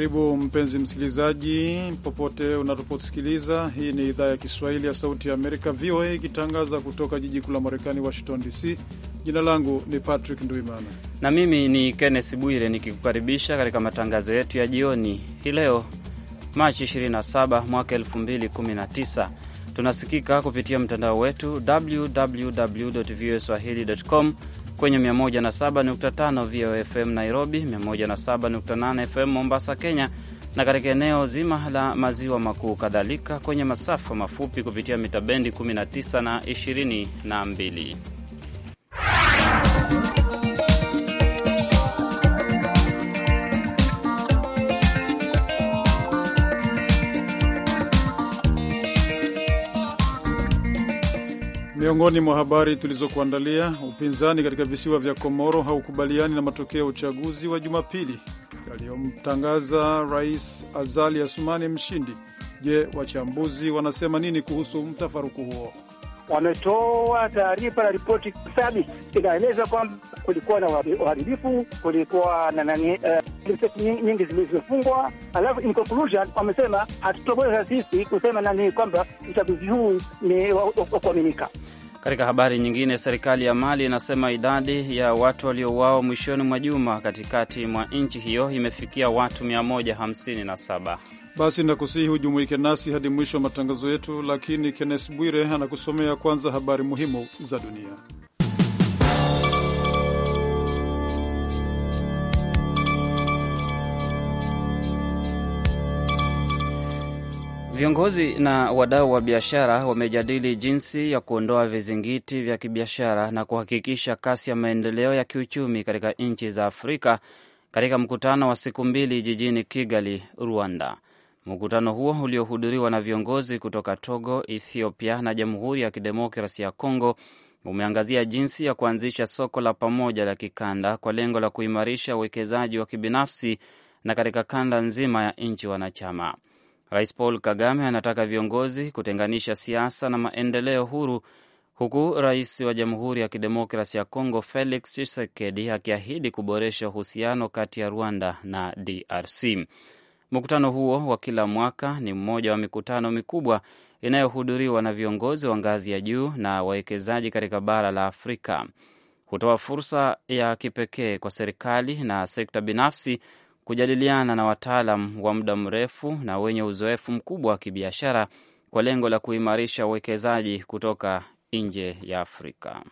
Karibu mpenzi msikilizaji, popote unapotusikiliza. Hii ni idhaa ya Kiswahili ya Sauti ya Amerika, VOA, ikitangaza kutoka jiji kuu la Marekani, Washington DC. Jina langu ni Patrick Nduimana na mimi ni Kenneth Bwire nikikukaribisha katika matangazo yetu ya jioni hii leo Machi 27 mwaka 2019. Tunasikika kupitia mtandao wetu www voa swahili.com kwenye 107.5 vofm Nairobi, 107.8 FM Mombasa, Kenya, na katika eneo zima la maziwa makuu, kadhalika kwenye masafa mafupi kupitia mita bendi 19 na 22. Miongoni mwa habari tulizokuandalia, upinzani katika visiwa vya Komoro haukubaliani na matokeo ya uchaguzi wa Jumapili yaliyomtangaza Rais Azali Asumani mshindi. Je, wachambuzi wanasema nini kuhusu mtafaruku huo? Wametoa taarifa na ripoti sabi inaeleza kwamba kulikuwa na uharibifu, kulikuwa na nani, uh, nyingi zilizofungwa. Alafu in conclusion wamesema hatutoweza sisi kusema nani kwamba uchaguzi huu ni wa kuaminika. Katika habari nyingine, serikali ya Mali inasema idadi ya watu waliouawa mwishoni mwa juma katikati mwa nchi hiyo imefikia watu 157. Basi nakusihi hujumuike nasi hadi mwisho wa matangazo yetu, lakini Kennes Bwire anakusomea kwanza habari muhimu za dunia. Viongozi na wadau wa biashara wamejadili jinsi ya kuondoa vizingiti vya kibiashara na kuhakikisha kasi ya maendeleo ya kiuchumi katika nchi za Afrika katika mkutano wa siku mbili jijini Kigali, Rwanda. Mkutano huo uliohudhuriwa na viongozi kutoka Togo, Ethiopia na Jamhuri ya Kidemokrasi ya congo umeangazia jinsi ya kuanzisha soko la pamoja la kikanda kwa lengo la kuimarisha uwekezaji wa kibinafsi na katika kanda nzima ya nchi wanachama. Rais Paul Kagame anataka viongozi kutenganisha siasa na maendeleo huru, huku rais wa Jamhuri ya Kidemokrasi ya Kongo Felix Tshisekedi akiahidi kuboresha uhusiano kati ya Rwanda na DRC. Mkutano huo wa kila mwaka ni mmoja wa mikutano mikubwa inayohudhuriwa na viongozi wa ngazi ya juu na wawekezaji katika bara la Afrika. Hutoa fursa ya kipekee kwa serikali na sekta binafsi kujadiliana na wataalam wa muda mrefu na wenye uzoefu mkubwa wa kibiashara kwa lengo la kuimarisha uwekezaji kutoka nje ya Afrika.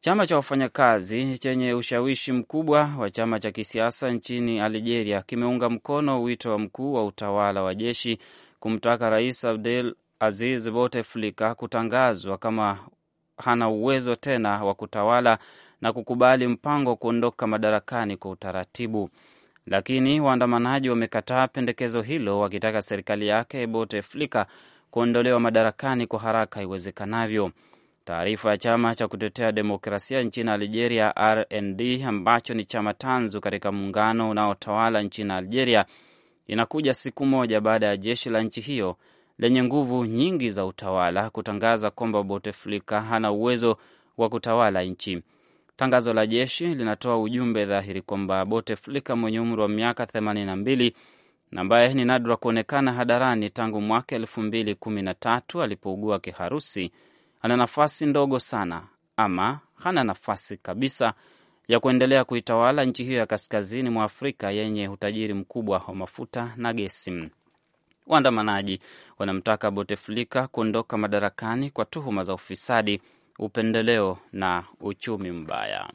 Chama cha wafanyakazi chenye ushawishi mkubwa wa chama cha kisiasa nchini Algeria kimeunga mkono wito wa mkuu wa utawala wa jeshi kumtaka Rais Abdel Aziz Bouteflika kutangazwa kama hana uwezo tena wa kutawala na kukubali mpango wa kuondoka madarakani kwa utaratibu, lakini waandamanaji wamekataa pendekezo hilo, wakitaka serikali yake Bouteflika kuondolewa madarakani kwa haraka iwezekanavyo. Taarifa ya chama cha kutetea demokrasia nchini Algeria, RND, ambacho ni chama tanzu katika muungano unaotawala nchini Algeria, inakuja siku moja baada ya jeshi la nchi hiyo lenye nguvu nyingi za utawala kutangaza kwamba Bouteflika hana uwezo wa kutawala nchi. Tangazo la jeshi linatoa ujumbe dhahiri kwamba Bouteflika mwenye umri wa miaka 82 ambaye ni nadra kuonekana hadarani tangu mwaka 2013 alipougua kiharusi, ana nafasi ndogo sana ama hana nafasi kabisa ya kuendelea kuitawala nchi hiyo ya kaskazini mwa Afrika yenye utajiri mkubwa wa mafuta na gesi. Waandamanaji wanamtaka Bouteflika kuondoka madarakani kwa tuhuma za ufisadi upendeleo na uchumi mbaya.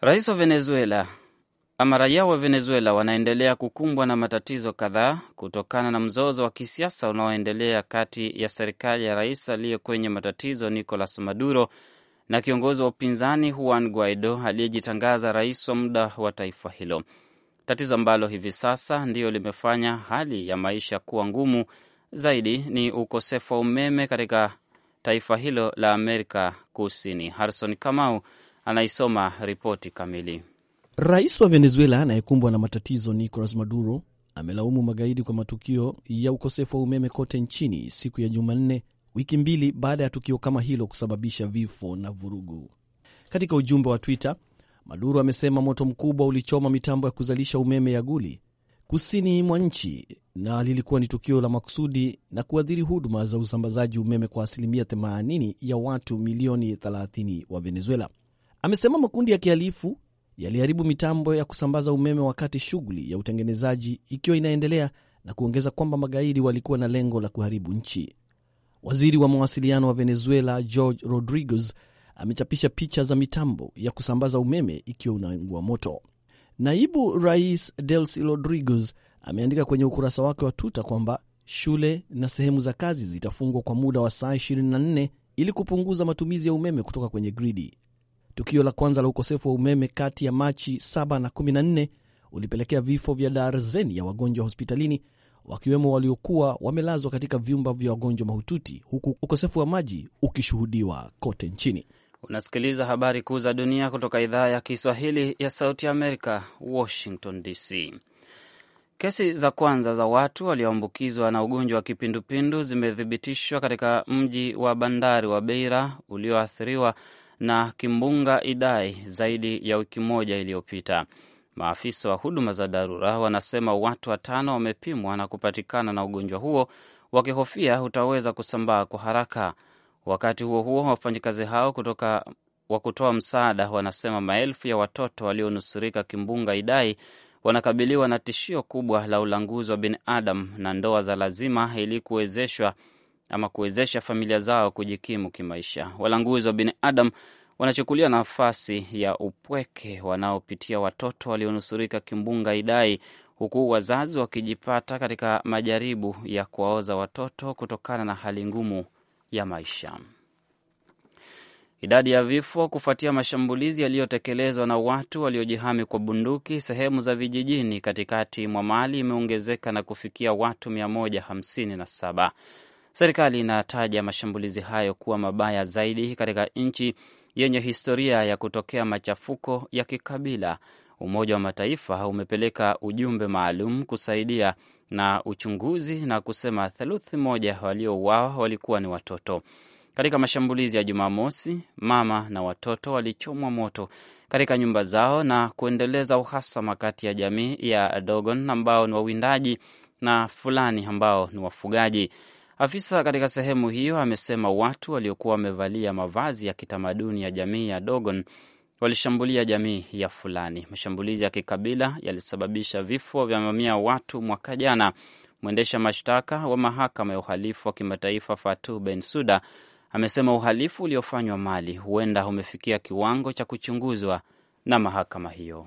Rais wa Venezuela ama raia wa Venezuela wanaendelea kukumbwa na matatizo kadhaa kutokana na mzozo wa kisiasa unaoendelea kati ya serikali ya rais aliye kwenye matatizo Nicolas Maduro na kiongozi wa upinzani Juan Guaido aliyejitangaza rais wa muda wa taifa hilo, tatizo ambalo hivi sasa ndiyo limefanya hali ya maisha kuwa ngumu zaidi ni ukosefu wa umeme katika taifa hilo la Amerika Kusini. Harison Kamau anaisoma ripoti kamili. Rais wa Venezuela anayekumbwa na matatizo Nicolas Maduro amelaumu magaidi kwa matukio ya ukosefu wa umeme kote nchini siku ya Jumanne, wiki mbili baada ya tukio kama hilo kusababisha vifo na vurugu. Katika ujumbe wa Twitter, Maduro amesema moto mkubwa ulichoma mitambo ya kuzalisha umeme ya Guli kusini mwa nchi na lilikuwa ni tukio la makusudi na kuathiri huduma za usambazaji umeme kwa asilimia 80 ya watu milioni 30 wa Venezuela. Amesema makundi ya kihalifu yaliharibu mitambo ya kusambaza umeme wakati shughuli ya utengenezaji ikiwa inaendelea, na kuongeza kwamba magaidi walikuwa na lengo la kuharibu nchi. Waziri wa mawasiliano wa Venezuela George Rodriguez amechapisha picha za mitambo ya kusambaza umeme ikiwa unaungua moto. Naibu Rais Delcy Rodriguez ameandika kwenye ukurasa wake wa Twitter kwamba shule na sehemu za kazi zitafungwa kwa muda wa saa 24 ili kupunguza matumizi ya umeme kutoka kwenye gridi. Tukio la kwanza la ukosefu wa umeme kati ya Machi 7 na 14 ulipelekea vifo vya darzeni ya wagonjwa hospitalini, wakiwemo waliokuwa wamelazwa katika vyumba vya wagonjwa mahututi, huku ukosefu wa maji ukishuhudiwa kote nchini. Unasikiliza habari kuu za dunia kutoka idhaa ya Kiswahili ya Sauti ya Amerika, Washington DC. Kesi za kwanza za watu walioambukizwa na ugonjwa wa kipindupindu zimethibitishwa katika mji wa bandari wa Beira ulioathiriwa na kimbunga Idai zaidi ya wiki moja iliyopita. Maafisa wa huduma za dharura wanasema watu watano wamepimwa na kupatikana na ugonjwa huo, wakihofia utaweza kusambaa kwa haraka. Wakati huo huo, wafanyakazi hao kutoka wa kutoa msaada wanasema maelfu ya watoto walionusurika kimbunga Idai wanakabiliwa na tishio kubwa la ulanguzi wa binadamu na ndoa za lazima ili kuwezeshwa ama kuwezesha familia zao kujikimu kimaisha. Walanguzi wa binadamu wanachukulia nafasi ya upweke wanaopitia watoto walionusurika kimbunga Idai, huku wazazi wakijipata katika majaribu ya kuwaoza watoto kutokana na hali ngumu ya maisha. Idadi ya vifo kufuatia mashambulizi yaliyotekelezwa na watu waliojihami kwa bunduki sehemu za vijijini katikati mwa Mali imeongezeka na kufikia watu 157. Serikali inataja mashambulizi hayo kuwa mabaya zaidi katika nchi yenye historia ya kutokea machafuko ya kikabila Umoja wa Mataifa umepeleka ujumbe maalum kusaidia na uchunguzi na kusema theluthi moja waliouawa walikuwa ni watoto. Katika mashambulizi ya Jumamosi, mama na watoto walichomwa moto katika nyumba zao na kuendeleza uhasama kati ya jamii ya Dogon ambao ni wawindaji na Fulani ambao ni wafugaji. Afisa katika sehemu hiyo amesema watu waliokuwa wamevalia mavazi ya kitamaduni ya jamii ya Dogon walishambulia jamii ya Fulani. Mashambulizi ya kikabila yalisababisha vifo vya mamia watu mwaka jana. Mwendesha mashtaka wa mahakama ya uhalifu wa kimataifa ben suda amesema uhalifu uliofanywa Mali huenda umefikia kiwango cha kuchunguzwa na mahakama hiyo.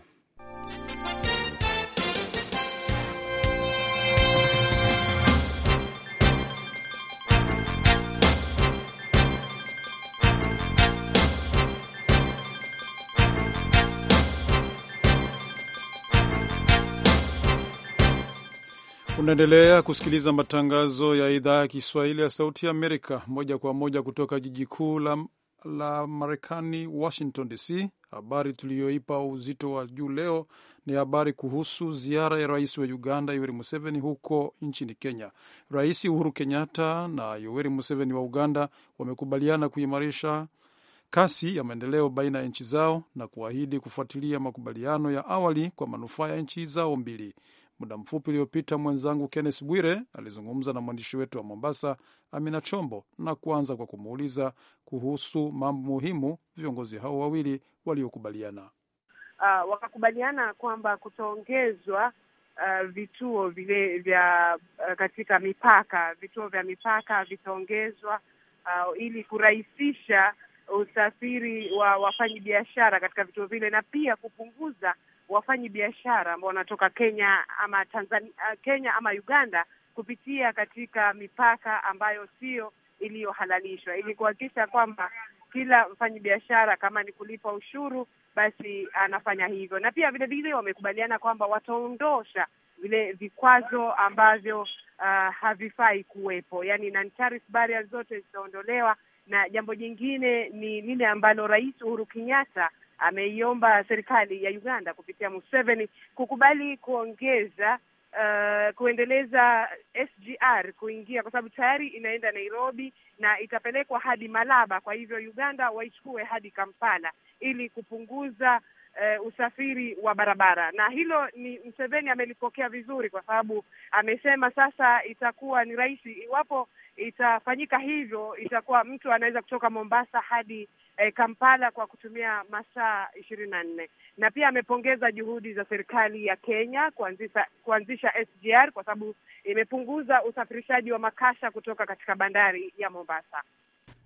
Unaendelea kusikiliza matangazo ya idhaa ya Kiswahili ya Sauti ya Amerika moja kwa moja kutoka jiji kuu la, la Marekani, Washington DC. Habari tuliyoipa uzito wa juu leo ni habari kuhusu ziara ya rais wa Uganda Yoweri Museveni huko nchini Kenya. Rais Uhuru Kenyatta na Yoweri Museveni wa Uganda wamekubaliana kuimarisha kasi ya maendeleo baina ya nchi zao na kuahidi kufuatilia makubaliano ya awali kwa manufaa ya nchi zao mbili. Muda mfupi uliopita mwenzangu kennes Bwire alizungumza na mwandishi wetu wa Mombasa, Amina Chombo, na kuanza kwa kumuuliza kuhusu mambo muhimu viongozi hao wawili waliokubaliana. Uh, wakakubaliana kwamba kutaongezwa uh, vituo vile vya uh, katika mipaka, vituo vya mipaka vitaongezwa uh, ili kurahisisha usafiri wa biashara katika vituo vile na pia kupunguza wafanyi biashara ambao wanatoka Kenya ama Tanzania, eh, Kenya ama Uganda kupitia katika mipaka ambayo sio iliyohalalishwa ili kuhakikisha kwamba kila biashara kama ni kulipa ushuru basi anafanya hivyo, na pia vilevile wamekubaliana kwamba wataondosha vile vikwazo ambavyo uh, havifai kuwepo, yani non-tariff barriers zote zitaondolewa. Na jambo jingine ni lile ambalo Rais Uhuru Kenyatta ameiomba serikali ya Uganda kupitia Museveni kukubali kuongeza Uh, kuendeleza SGR kuingia kwa sababu tayari inaenda Nairobi na itapelekwa hadi Malaba. Kwa hivyo Uganda waichukue hadi Kampala ili kupunguza uh, usafiri wa barabara, na hilo ni Mseveni amelipokea vizuri, kwa sababu amesema sasa itakuwa ni rahisi iwapo itafanyika hivyo, itakuwa mtu anaweza kutoka Mombasa hadi eh, Kampala kwa kutumia masaa ishirini na nne na pia amepongeza juhudi za serikali ya Kenya kuanzisha, kuanzisha SGR kwa sababu imepunguza usafirishaji wa makasha kutoka katika bandari ya Mombasa.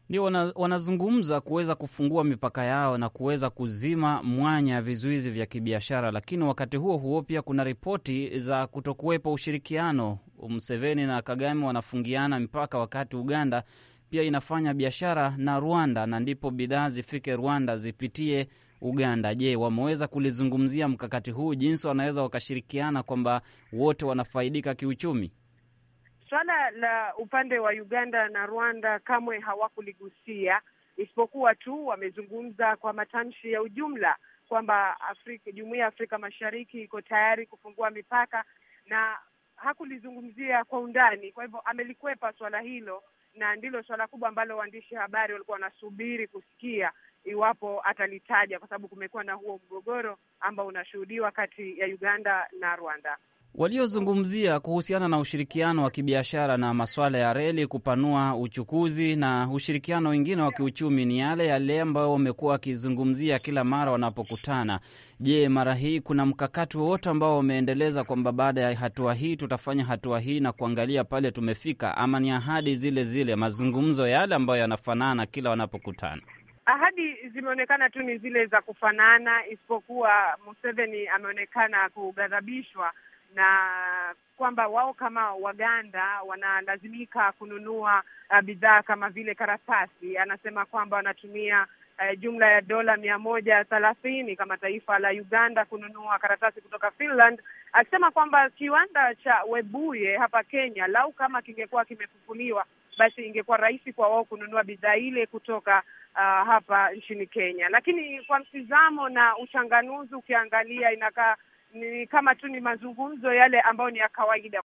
Ndio wanazungumza kuweza kufungua mipaka yao na kuweza kuzima mwanya ya vizuizi vya kibiashara, lakini wakati huo huo pia kuna ripoti za kutokuwepo ushirikiano. Museveni na Kagame wanafungiana mipaka, wakati Uganda pia inafanya biashara na Rwanda na ndipo bidhaa zifike Rwanda zipitie Uganda. Je, wameweza kulizungumzia mkakati huu, jinsi wanaweza wakashirikiana kwamba wote wanafaidika kiuchumi? Swala la upande wa Uganda na Rwanda kamwe hawakuligusia, isipokuwa tu wamezungumza kwa matamshi ya ujumla kwamba Afrika, Jumuiya ya Afrika Mashariki iko tayari kufungua mipaka na hakulizungumzia kwa undani. Kwa hivyo amelikwepa swala hilo na ndilo suala kubwa ambalo waandishi habari walikuwa wanasubiri kusikia iwapo atalitaja, kwa sababu kumekuwa na huo mgogoro ambao unashuhudiwa kati ya Uganda na Rwanda waliozungumzia kuhusiana na ushirikiano wa kibiashara na masuala ya reli kupanua uchukuzi na ushirikiano wengine wa kiuchumi ni yale yale ambayo wamekuwa wakizungumzia kila mara wanapokutana. Je, mara hii kuna mkakati wowote ambao wameendeleza kwamba baada ya hatua hii tutafanya hatua hii na kuangalia pale tumefika, ama ni ahadi zile zile, mazungumzo yale ambayo yanafanana kila wanapokutana? Ahadi zimeonekana tu ni zile za kufanana, isipokuwa Museveni ameonekana kughadhabishwa na kwamba wao kama Waganda wanalazimika kununua uh, bidhaa kama vile karatasi. Anasema kwamba wanatumia uh, jumla ya dola mia moja thelathini kama taifa la Uganda kununua karatasi kutoka Finland, akisema kwamba kiwanda cha Webuye hapa Kenya lau kama kingekuwa kimefufuliwa basi ingekuwa rahisi kwa wao kununua bidhaa ile kutoka uh, hapa nchini Kenya. Lakini kwa mtizamo na uchanganuzi, ukiangalia inakaa ni kama tu ni mazungumzo yale ambayo ni ya kawaida.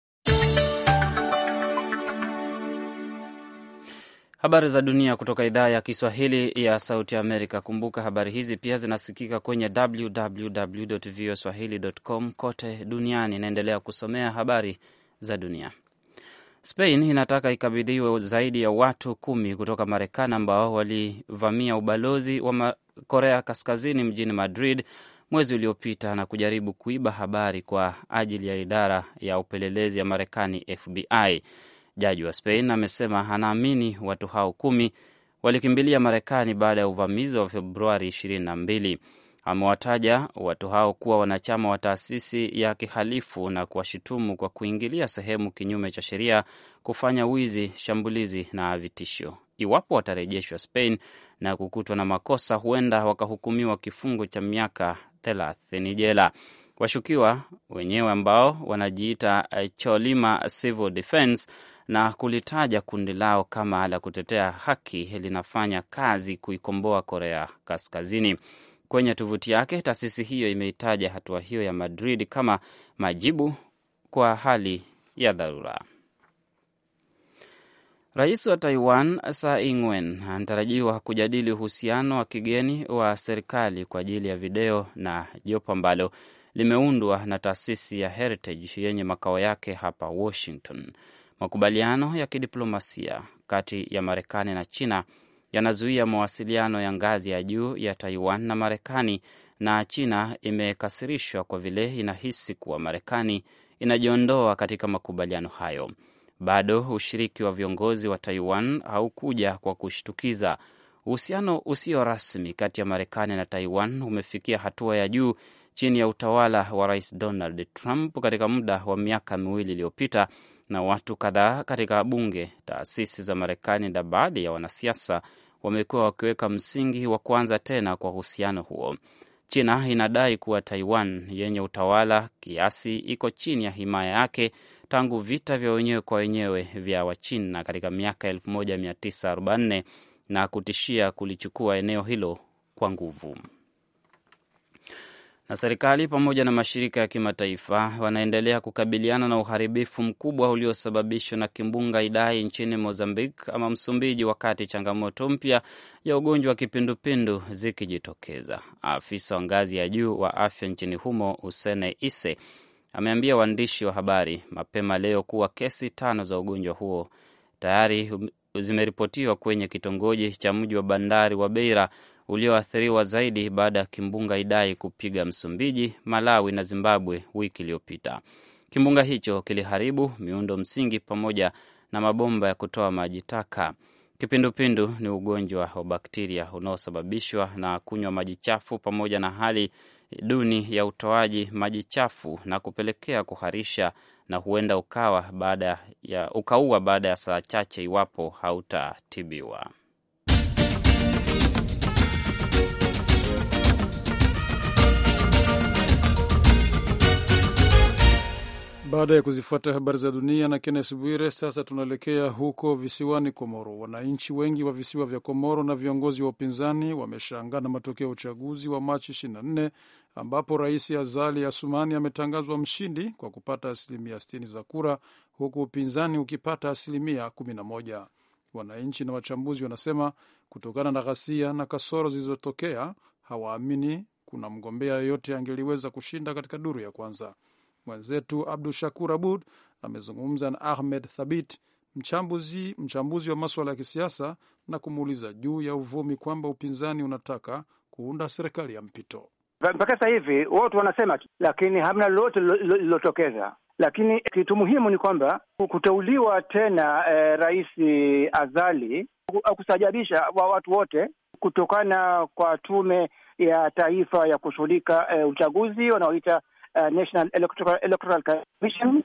Habari za dunia kutoka idhaa ya Kiswahili ya Sauti Amerika. Kumbuka habari hizi pia zinasikika kwenye www voa swahili com kote duniani. Inaendelea kusomea habari za dunia. Spain inataka ikabidhiwe zaidi ya watu kumi kutoka Marekani ambao walivamia ubalozi wa Korea Kaskazini mjini Madrid mwezi uliopita na kujaribu kuiba habari kwa ajili ya idara ya upelelezi ya Marekani, FBI. Jaji wa Spain amesema anaamini watu hao kumi walikimbilia Marekani baada ya uvamizi wa Februari 22. Amewataja watu hao kuwa wanachama wa taasisi ya kihalifu na kuwashutumu kwa kuingilia sehemu kinyume cha sheria, kufanya wizi, shambulizi na vitisho. Iwapo watarejeshwa Spain na kukutwa na makosa, huenda wakahukumiwa kifungo cha miaka thelathini jela. Washukiwa wenyewe ambao wanajiita eh, Cholima Civil Defense na kulitaja kundi lao kama la kutetea haki linafanya kazi kuikomboa Korea Kaskazini. Kwenye tovuti yake, taasisi hiyo imeitaja hatua hiyo ya Madrid kama majibu kwa hali ya dharura. Rais wa Taiwan Tsai Ing-wen anatarajiwa kujadili uhusiano wa kigeni wa serikali kwa ajili ya video na jopo ambalo limeundwa na taasisi ya Heritage yenye makao yake hapa Washington. Makubaliano ya kidiplomasia kati ya Marekani na China yanazuia mawasiliano ya ngazi ya juu ya Taiwan na Marekani, na China imekasirishwa kwa vile inahisi kuwa Marekani inajiondoa katika makubaliano hayo. Bado ushiriki wa viongozi wa Taiwan haukuja kwa kushtukiza. Uhusiano usio rasmi kati ya Marekani na Taiwan umefikia hatua ya juu chini ya utawala wa Rais Donald Trump katika muda wa miaka miwili iliyopita, na watu kadhaa katika bunge, taasisi za Marekani na baadhi ya wanasiasa wamekuwa wakiweka msingi wa kuanza tena kwa uhusiano huo. China inadai kuwa Taiwan yenye utawala kiasi iko chini ya himaya yake tangu vita vya wenyewe kwa wenyewe vya Wachina katika miaka 1944 na kutishia kulichukua eneo hilo kwa nguvu. Na serikali pamoja na mashirika ya kimataifa wanaendelea kukabiliana na uharibifu mkubwa uliosababishwa na kimbunga Idai nchini Mozambique ama Msumbiji, wakati changamoto mpya ya ugonjwa wa kipindupindu zikijitokeza. Afisa wa ngazi ya juu wa afya nchini humo Usene Ise ameambia waandishi wa habari mapema leo kuwa kesi tano za ugonjwa huo tayari zimeripotiwa kwenye kitongoji cha mji wa bandari wa Beira ulioathiriwa zaidi baada ya kimbunga Idai kupiga Msumbiji, Malawi na Zimbabwe wiki iliyopita. Kimbunga hicho kiliharibu miundo msingi pamoja na mabomba ya kutoa maji taka. Kipindupindu ni ugonjwa wa bakteria unaosababishwa na kunywa maji chafu pamoja na hali duni ya utoaji maji chafu na kupelekea kuharisha na huenda ukawa baada ya, ukaua baada ya saa chache iwapo hautatibiwa. Baada ya kuzifuata habari za dunia na Kennes Bwire, sasa tunaelekea huko visiwani Komoro. Wananchi wengi wa visiwa vya Komoro na viongozi wa upinzani wameshangaa na matokeo ya uchaguzi wa Machi 24 ambapo Rais Azali Asumani ametangazwa mshindi kwa kupata asilimia 60 za kura huku upinzani ukipata asilimia 11. Wananchi na wachambuzi wanasema kutokana na ghasia na kasoro zilizotokea hawaamini kuna mgombea yoyote angeliweza kushinda katika duru ya kwanza. Mwenzetu Abdu Shakur Abud amezungumza na Ahmed Thabit, mchambuzi, mchambuzi wa maswala ya kisiasa na kumuuliza juu ya uvumi kwamba upinzani unataka kuunda serikali ya mpito. Mpaka sasa hivi watu wanasema lakini hamna lolote lilotokeza Lakini kitu muhimu ni kwamba kuteuliwa tena e, Rais Azali kusajabisha wa watu wote kutokana kwa tume ya taifa ya kushughulika e, uchaguzi wanaoita Uh, National Electoral, Electoral Commission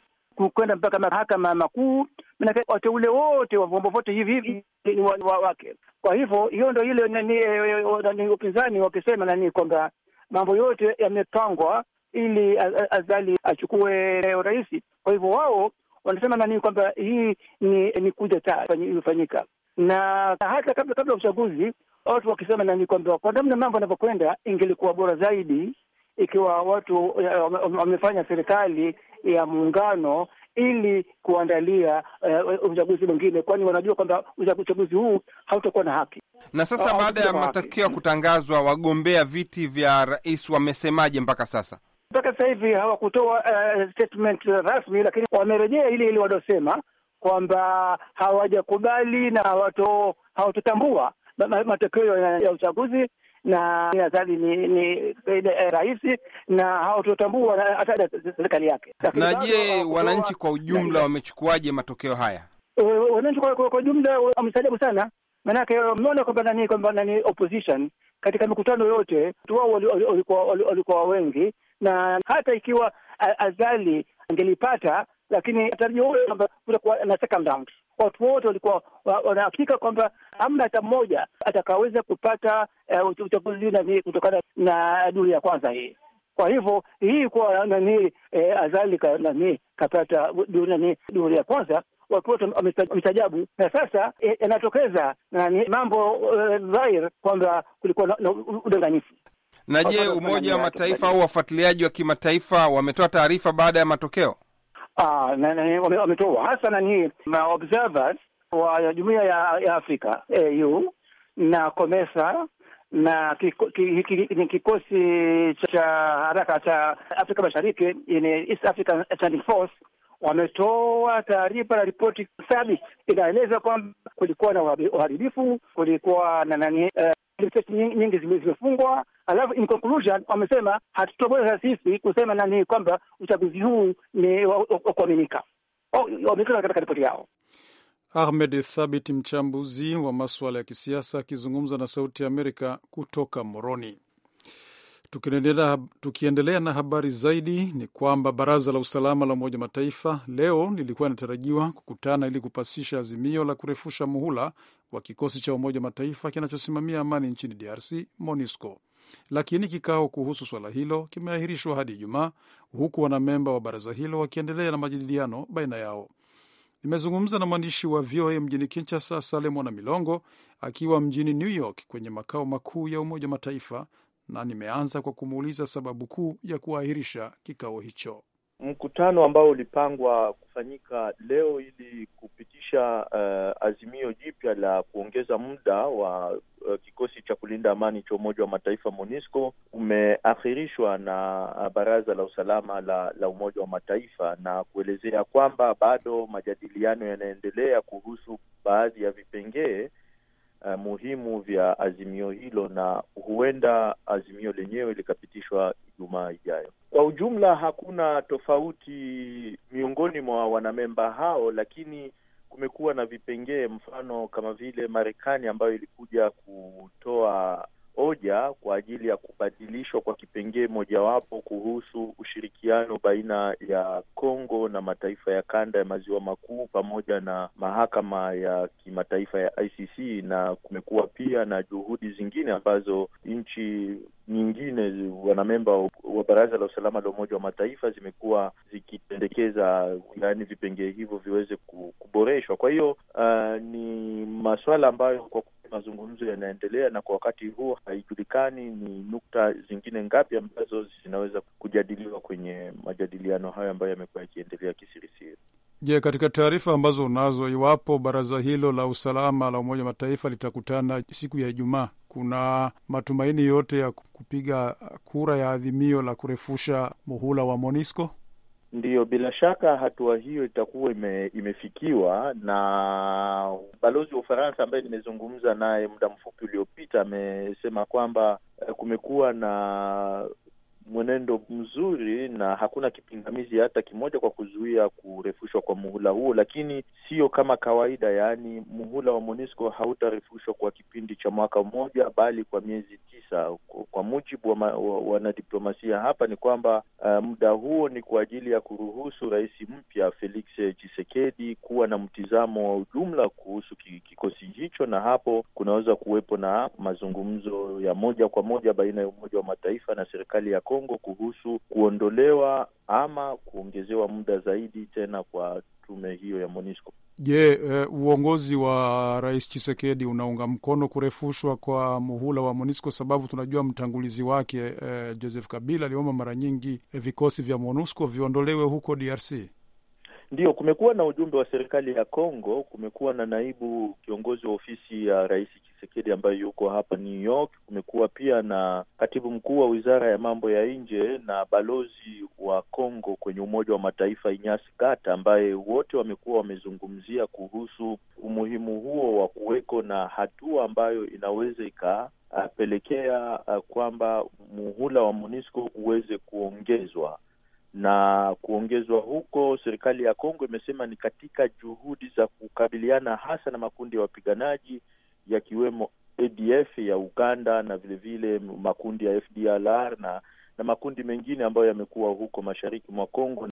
kwenda mpaka mahakama makuu, manake wateule wote wa vyombo vyote hivi hivi ni wake. Kwa hivyo hiyo ndo ile nani, upinzani wakisema nani kwamba mambo yote yamepangwa ili Azali achukue urais. Kwa hivyo wao wanasema nani kwamba hii ni ni kudeta iliyofanyika na hata kabla kabla ya uchaguzi watu wakisema nani kwamba kwa namna mambo yanavyokwenda, ingelikuwa bora zaidi ikiwa watu eh, wamefanya serikali ya muungano ili kuandalia eh, uchaguzi mwingine, kwani wanajua kwamba uchaguzi huu hautakuwa na haki. Na sasa ah, baada ya matokeo ya kutangazwa, wagombea viti vya rais wamesemaje mpaka sasa? Mpaka sasa hivi hawakutoa uh, statement rasmi, lakini wamerejea ile ile waliosema kwamba hawajakubali na hawatotambua matokeo ya uchaguzi na nadhani ni, ni eh, rais na hawatotambua hata serikali yake. Na je, wananchi kwa ujumla wamechukuaje matokeo haya? Eh, wananchi kwa ujumla wamestaajabu sana, maanake wameona eh, kwamba nani kwamba nani opposition katika mikutano yote wao walikuwa wengi, na hata ikiwa Azali angelipata lakini tarajio huyo kwamba kutakuwa na second round. Watu wote walikuwa wanahakika kwamba hamna hata mmoja atakaweza kupata eh, uchaguzi nani kutokana na duri ya kwanza hii. Kwa hivyo hii kuwa nani eh, Azali nani kapata nani duri ya kwanza watu wote wamestajabu, na sasa eh, yanatokeza nani mambo dhahir kwamba kulikuwa na udanganyifu. Na je, Umoja wa Mataifa au wafuatiliaji wa kimataifa wametoa taarifa baada ya matokeo? Ah, wametoa hasa nani maobservers wa jumuiya ya, ya Afrika AU na COMESA na kiko, kikosi cha haraka cha Afrika Mashariki in East African Standing Force wametoa taarifa na ripoti thabiti inaeleza kwamba kulikuwa na uharibifu, kulikuwa na nani eh, research nyingi zimefungwa. Alafu in conclusion wamesema hatutoweza sisi kusema nani kwamba uchaguzi huu ni wa kuaminika, oh, wamesema katika ripoti yao. Ahmed Thabit, mchambuzi wa masuala ya kisiasa, akizungumza na Sauti ya Amerika kutoka Moroni. Tukiendelea na habari zaidi ni kwamba baraza la usalama la Umoja Mataifa leo lilikuwa linatarajiwa kukutana ili kupasisha azimio la kurefusha muhula wa kikosi cha Umoja Mataifa kinachosimamia amani nchini DRC, MONUSCO, lakini kikao kuhusu swala hilo kimeahirishwa hadi Ijumaa, huku wanamemba wa baraza hilo wakiendelea na majadiliano baina yao. Nimezungumza na mwandishi wa VOA mjini Kinshasa, Salemona Milongo akiwa mjini New York kwenye makao makuu ya Umoja Mataifa na nimeanza kwa kumuuliza sababu kuu ya kuahirisha kikao hicho. Mkutano ambao ulipangwa kufanyika leo ili kupitisha uh, azimio jipya la kuongeza muda wa uh, kikosi cha kulinda amani cha Umoja wa Mataifa MONUSCO umeahirishwa na uh, Baraza la Usalama la, la Umoja wa Mataifa na kuelezea kwamba bado majadiliano yanaendelea kuhusu baadhi ya vipengee uh, muhimu vya azimio hilo, na huenda azimio lenyewe likapitishwa Ijumaa ijayo. Kwa ujumla, hakuna tofauti miongoni mwa wanamemba hao, lakini kumekuwa na vipengee, mfano kama vile Marekani ambayo ilikuja kutoa moja kwa ajili ya kubadilishwa kwa kipengee mojawapo kuhusu ushirikiano baina ya Kongo na mataifa ya kanda ya maziwa makuu pamoja na mahakama ya kimataifa ya ICC, na kumekuwa pia na juhudi zingine ambazo nchi nyingine wanamemba wa Baraza la Usalama la Umoja wa Mataifa zimekuwa zikipendekeza, yaani vipengee hivyo viweze kuboreshwa. Kwa hiyo uh, ni masuala ambayo kwa mazungumzo yanaendelea, na kwa wakati huo haijulikani ni nukta zingine ngapi ambazo zinaweza kujadiliwa kwenye majadiliano hayo ambayo yamekuwa yakiendelea kisirisiri. Je, katika taarifa ambazo unazo, iwapo baraza hilo la usalama la Umoja wa Mataifa litakutana siku ya Ijumaa, kuna matumaini yote ya kupiga kura ya adhimio la kurefusha muhula wa MONUSCO? Ndiyo, bila shaka hatua hiyo itakuwa ime, imefikiwa na balozi wa Ufaransa ambaye nimezungumza naye muda mfupi uliopita. Amesema kwamba eh, kumekuwa na mwenendo mzuri na hakuna kipingamizi hata kimoja kwa kuzuia kurefushwa kwa muhula huo, lakini sio kama kawaida, yaani muhula wa MONUSCO hautarefushwa kwa kipindi cha mwaka mmoja, bali kwa miezi tisa. Kwa mujibu wa wanadiplomasia wa hapa ni kwamba uh, muda huo ni kwa ajili ya kuruhusu rais mpya Felix Tshisekedi kuwa na mtizamo wa ujumla kuhusu kikosi hicho, na hapo kunaweza kuwepo na mazungumzo ya moja kwa moja baina ya Umoja wa Mataifa na serikali ya Kongo Kongo kuhusu kuondolewa ama kuongezewa muda zaidi tena kwa tume hiyo ya MONUSCO. Je, uh, uongozi wa Rais Chisekedi unaunga mkono kurefushwa kwa muhula wa MONUSCO? Sababu tunajua mtangulizi wake uh, Joseph Kabila aliomba mara nyingi eh, vikosi vya MONUSCO viondolewe huko DRC. Ndio, kumekuwa na ujumbe wa serikali ya congo kumekuwa na naibu kiongozi wa ofisi ya rais Chisekedi ambaye yuko hapa New York. Kumekuwa pia na katibu mkuu wa wizara ya mambo ya nje na balozi wa congo kwenye Umoja wa Mataifa Inyasi Kata, ambaye wote wamekuwa wamezungumzia kuhusu umuhimu huo wa kuweko na hatua ambayo inaweza ika apelekea uh, kwamba muhula wa MONUSCO uweze kuongezwa na kuongezwa huko, serikali ya Kongo imesema ni katika juhudi za kukabiliana hasa na makundi ya wapiganaji yakiwemo ADF ya Uganda na vilevile vile makundi ya FDLR na na makundi mengine ambayo yamekuwa huko mashariki mwa Kongo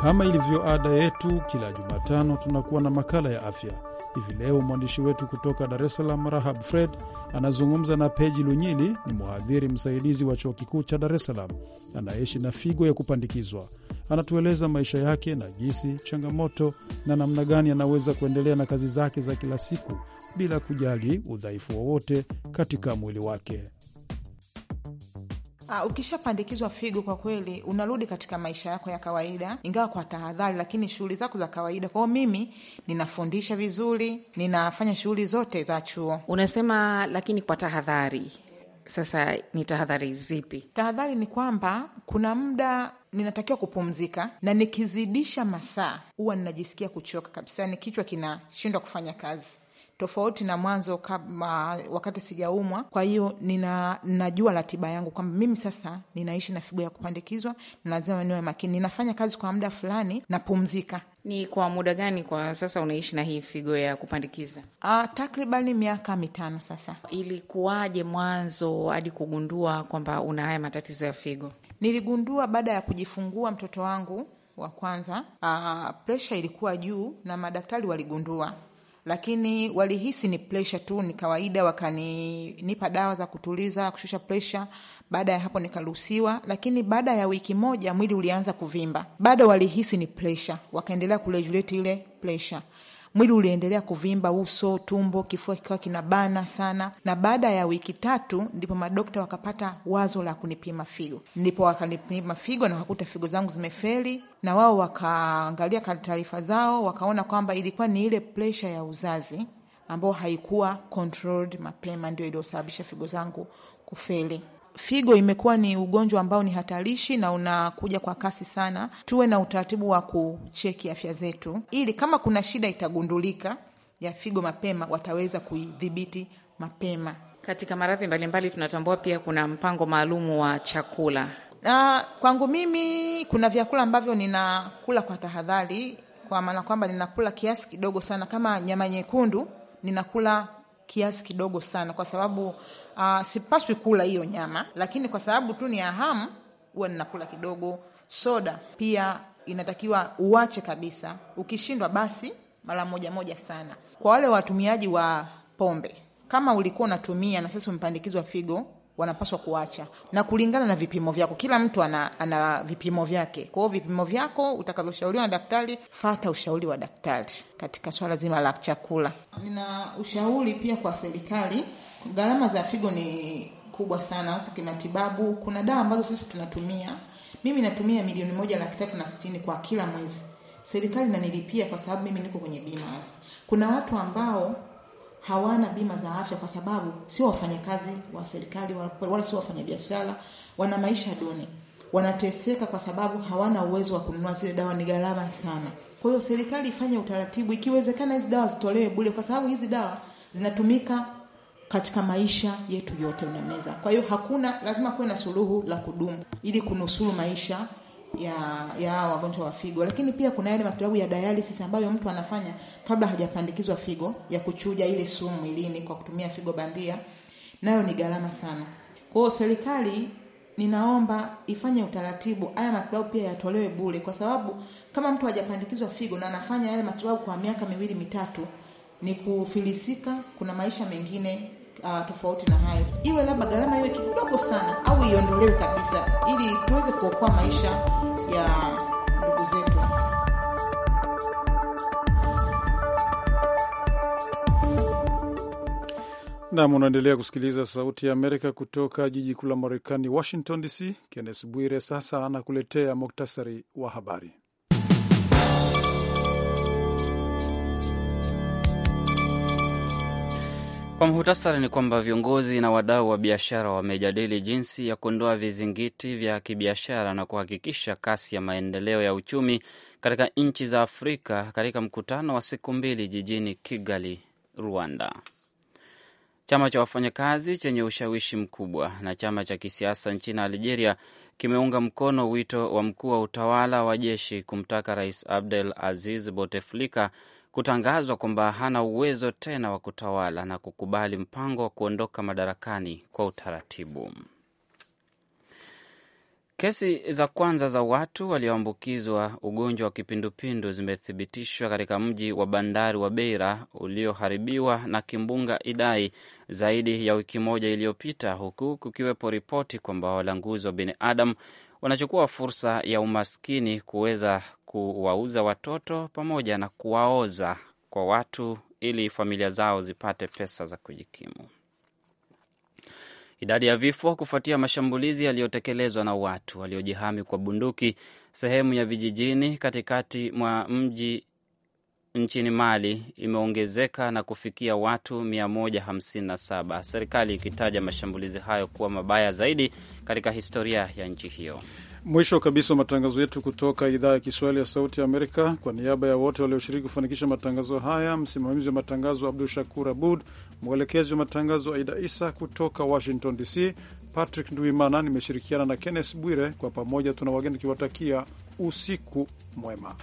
Kama ilivyo ada yetu, kila Jumatano tunakuwa na makala ya afya. Hivi leo mwandishi wetu kutoka Dar es Salaam, Rahab Fred, anazungumza na Peji Lunyili. Ni mhadhiri msaidizi wa chuo kikuu cha Dar es Salaam, anaishi na figo ya kupandikizwa. Anatueleza maisha yake na jinsi changamoto na namna gani anaweza kuendelea na kazi zake za kila siku bila kujali udhaifu wowote katika mwili wake. Ah, ukishapandikizwa figo kwa kweli unarudi katika maisha yako ya kawaida, ingawa kwa tahadhari, lakini shughuli zako za kawaida. Kwao mimi ninafundisha vizuri, ninafanya shughuli zote za chuo. Unasema lakini kwa tahadhari. Sasa ni tahadhari zipi? Tahadhari ni kwamba kuna muda ninatakiwa kupumzika, na nikizidisha masaa huwa ninajisikia kuchoka kabisa, ni kichwa kinashindwa kufanya kazi tofauti na mwanzo kama uh, wakati sijaumwa. Kwa hiyo nina, najua ratiba yangu kwamba mimi sasa ninaishi na figo ya kupandikizwa na lazima niwe makini. Ninafanya kazi kwa muda fulani, napumzika. Ni kwa muda gani kwa sasa unaishi na hii figo ya kupandikiza? Ah, takriban miaka mitano sasa. Ilikuwaje mwanzo hadi kugundua kwamba una haya matatizo ya figo? Niligundua baada ya kujifungua mtoto wangu wa kwanza. Ah, presha ilikuwa juu na madaktari waligundua lakini walihisi ni presha tu, ni kawaida, wakanipa dawa za kutuliza, kushusha presha. Baada ya hapo nikaruhusiwa, lakini baada ya wiki moja mwili ulianza kuvimba, bado walihisi ni presha, wakaendelea kurejuleti ile presha. Mwili uliendelea kuvimba, uso, tumbo, kifua kikiwa kinabana sana, na baada ya wiki tatu ndipo madokta wakapata wazo la kunipima figo. Ndipo wakanipima figo na wakakuta figo zangu zimefeli, na wao wakaangalia taarifa zao, wakaona kwamba ilikuwa ni ile presha ya uzazi ambayo haikuwa controlled mapema, ndio iliyosababisha figo zangu kufeli figo imekuwa ni ugonjwa ambao ni hatarishi na unakuja kwa kasi sana. Tuwe na utaratibu wa kucheki afya zetu, ili kama kuna shida itagundulika ya figo mapema, wataweza kuidhibiti mapema. Katika maradhi mbalimbali tunatambua pia kuna mpango maalum wa chakula. Na ah, kwangu mimi kuna vyakula ambavyo ninakula kwa tahadhari, kwa maana kwamba ninakula kiasi kidogo sana. Kama nyama nyekundu ninakula kiasi kidogo sana, kwa sababu uh, sipaswi kula hiyo nyama, lakini kwa sababu tu ni ya hamu huwa ninakula kidogo. Soda pia inatakiwa uwache kabisa, ukishindwa basi mara moja moja sana. Kwa wale watumiaji wa pombe, kama ulikuwa unatumia na sasa umepandikizwa figo wanapaswa kuacha na kulingana na vipimo vyako. Kila mtu ana, ana vipimo vyake. Kwa hiyo vipimo vyako utakavyoshauriwa na daktari, fata ushauri wa daktari katika swala zima la chakula. Nina ushauri pia kwa serikali, gharama za figo ni kubwa sana, hasa kimatibabu. Kuna dawa ambazo sisi tunatumia, mimi natumia milioni moja laki tatu na sitini kwa kila mwezi, serikali nanilipia kwa sababu mimi niko kwenye bima Kuna watu ambao hawana bima za afya kwa sababu sio wafanyakazi wa serikali wala sio wafanyabiashara, wana maisha duni, wanateseka kwa sababu hawana uwezo wa kununua zile dawa, ni gharama sana. Kwa hiyo serikali ifanye utaratibu, ikiwezekana hizi dawa zitolewe bure, kwa sababu hizi dawa zinatumika katika maisha yetu yote, unameza. Kwa hiyo hakuna, lazima kuwe na suluhu la kudumu ili kunusuru maisha ya ya wagonjwa wa figo, lakini pia kuna yale matibabu ya dialysis ambayo mtu anafanya kabla hajapandikizwa figo ya kuchuja ile sumu mwilini kwa kutumia figo bandia, nayo ni gharama sana. Kwa hiyo serikali ninaomba ifanye utaratibu, haya matibabu pia yatolewe bure, kwa sababu kama mtu hajapandikizwa figo na anafanya yale matibabu kwa miaka miwili mitatu, ni kufilisika. Kuna maisha mengine uh, tofauti na hayo. Iwe labda gharama iwe kidogo sana, au iondolewe kabisa, ili tuweze kuokoa maisha ya ndugu zetu. Nam, unaendelea kusikiliza Sauti ya Amerika kutoka jiji kuu la Marekani, Washington DC. Kennes Bwire sasa anakuletea muktasari wa habari. Kwa muhtasari ni kwamba viongozi na wadau wa biashara wamejadili jinsi ya kuondoa vizingiti vya kibiashara na kuhakikisha kasi ya maendeleo ya uchumi katika nchi za Afrika katika mkutano wa siku mbili jijini Kigali, Rwanda. Chama cha wafanyakazi chenye ushawishi mkubwa na chama cha kisiasa nchini Algeria kimeunga mkono wito wa mkuu wa utawala wa jeshi kumtaka Rais Abdel Aziz Bouteflika kutangazwa kwamba hana uwezo tena wa kutawala na kukubali mpango wa kuondoka madarakani kwa utaratibu. Kesi za kwanza za watu walioambukizwa ugonjwa wa kipindupindu zimethibitishwa katika mji wa bandari wa Beira ulioharibiwa na kimbunga Idai zaidi ya wiki moja iliyopita, huku kukiwepo ripoti kwamba walanguzi wa binadamu wanachukua fursa ya umaskini kuweza kuwauza watoto pamoja na kuwaoza kwa watu ili familia zao zipate pesa za kujikimu. Idadi ya vifo kufuatia mashambulizi yaliyotekelezwa na watu waliojihami kwa bunduki sehemu ya vijijini katikati mwa mji nchini Mali imeongezeka na kufikia watu 157, serikali ikitaja mashambulizi hayo kuwa mabaya zaidi katika historia ya nchi hiyo. Mwisho kabisa wa matangazo yetu kutoka idhaa ya Kiswahili ya Sauti ya Amerika. Kwa niaba ya wote walioshiriki kufanikisha matangazo haya, msimamizi wa matangazo Abdu Shakur Abud, mwelekezi wa matangazo Aida Isa kutoka Washington DC, Patrick Nduimana nimeshirikiana na Kennes Bwire. Kwa pamoja tuna wageni tukiwatakia usiku mwema.